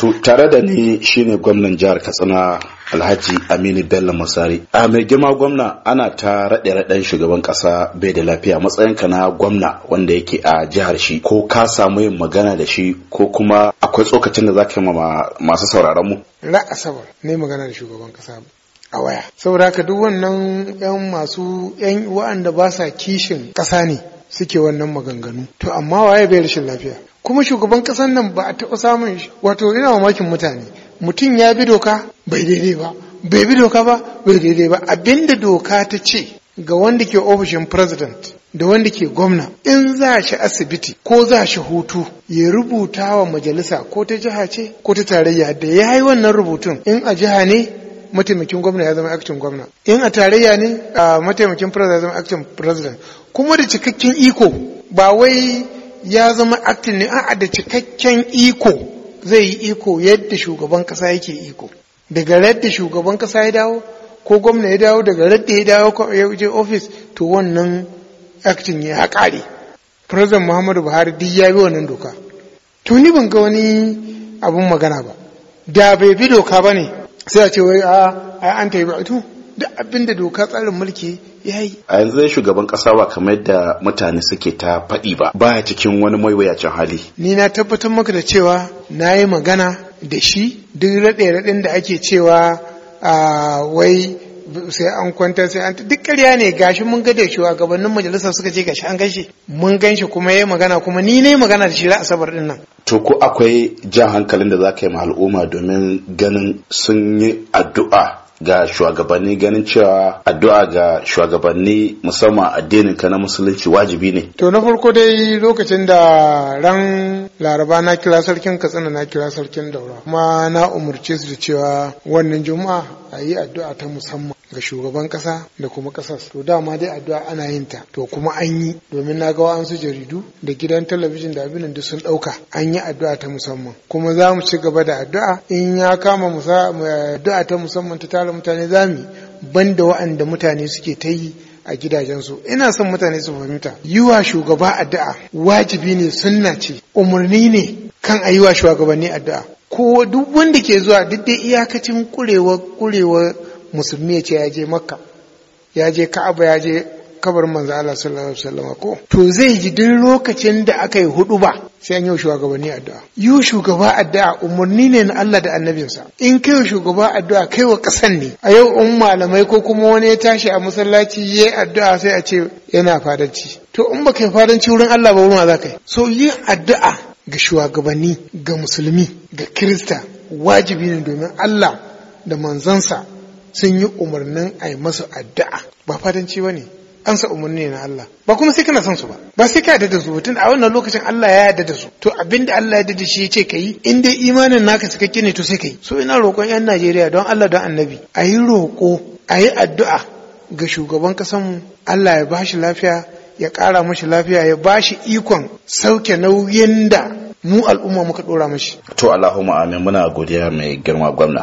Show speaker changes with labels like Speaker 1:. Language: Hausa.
Speaker 1: to tare da ni shine gwamnan jihar katsina alhaji aminu bello musari a mai girma gwamna ana ta raɗe raɗen shugaban ƙasa bai da lafiya matsayinka na gwamna wanda yake a jihar shi ko ka samu yin magana da shi ko kuma akwai tsokacin da za ka yi ma masu sauraron mu
Speaker 2: na asabar ne magana da shugaban ƙasa a waya saboda haka duk wannan yan masu yan wa'anda ba sa kishin ƙasa ne suke wannan maganganu to amma waye bai rashin lafiya kuma shugaban ƙasar nan ba a taɓa samun wato ina mamakin mutane mutum ya bi doka bai daidai ba bai bi doka ba bai daidai ba abinda doka ta ce ga wanda ke ofishin president da wanda ke gwamna in za shi asibiti ko za shi hutu ya rubuta wa majalisa ko ta jiha ce ko ta tarayya da ya yi wannan rubutun in a jiha ne mataimakin gwamna ya zama acting gwamna in a tarayya ne a mataimakin president ya zama acting president kuma da cikakken iko ba wai ya zama acting ne a'a da cikakken iko zai yi iko yadda shugaban kasa yake iko daga radda shugaban kasa ya dawo ko gwamna ya dawo daga radda ya dawo ya je office to wannan acting ya kare president Muhammadu Buhari duk ya yi wannan doka to ni ban ga wani abin magana ba da bai bi doka ba ne sai a ce wai a ah, an taibatu duk abinda doka tsarin mulki ya yi.
Speaker 1: A yanzu shugaban kasa ba kamar yadda mutane suke ta faɗi ba baya cikin wani maiwayacin hali.
Speaker 2: Ni na tabbatar maka da cewa na yi magana da shi duk raɗe-raɗen da ake cewa ah, wai sai an kwanta sai an duk karya ne gashi mun ga da gabanin majalisar suka ce gashi an gashi mun ganshi kuma yayi magana kuma ni ne magana da shi ra asabar din nan
Speaker 1: to ko akwai jan hankalin da za ka yi ma al'umma domin ganin sun yi addu'a ga shugabanni ganin cewa addu'a ga shugabanni musamman addinin ka na musulunci wajibi ne
Speaker 2: to na farko dai lokacin da ran laraba na kira sarkin katsina na kira sarkin daura kuma na umarce su da cewa wannan juma'a a yi addu'a ta musamman ga shugaban kasa da kuma kasas to dama dai addu'a ana yin ta to kuma an yi domin na ga wa'ansu jaridu da gidan talabijin da abin da sun dauka an yi addu'a ta musamman kuma za mu ci gaba da addu'a in ya kama addu'a ta musamman ta tara tsara mutane zami da wa'anda mutane suke ta yi a gidajensu ina son mutane su fahimta Yiwa shugaba addu'a wajibi ne sunna ce umarni ne kan a yiwa shugabanni addu'a ko duk wanda ke zuwa duk dai iyakacin kurewa kurewa musulmi ya ce ya je makka ya je ka'aba ya je Kabar manzo Allah sallallahu alaihi wasallam ko to zai ji duk lokacin da aka yi hudu ba sai an yi shugabanni addu'a yi shugaba addu'a umarni ne na Allah da annabinsa in kai shugaba addu'a kai wa kasan ne a yau in malamai ko kuma wani ya tashi a masallaci yayi addu'a sai a ce yana fadanci to in baka yi fadanci wurin Allah ba wurin za kai. yi so yi addu'a ga shugabanni ga musulmi ga kirista wajibi ne domin Allah da manzansa sun yi umarnin a yi masu addu'a ba fadanci ba ne ansa umarni na Allah ba kuma sai kana son su ba ba sai ka yarda su tun a wannan lokacin Allah ya yarda da su to abinda Allah ya yarda da shi yace kai in dai imanin naka suka kine to sai kai so ina roƙon yan Najeriya don Allah don Annabi a yi roƙo a yi addu'a ga shugaban mu Allah ya bashi lafiya ya ƙara mashi lafiya ya bashi ikon sauke nauyin da mu al'umma muka dora mashi.
Speaker 1: To Allahumma amin muna godiya mai girma gwamna.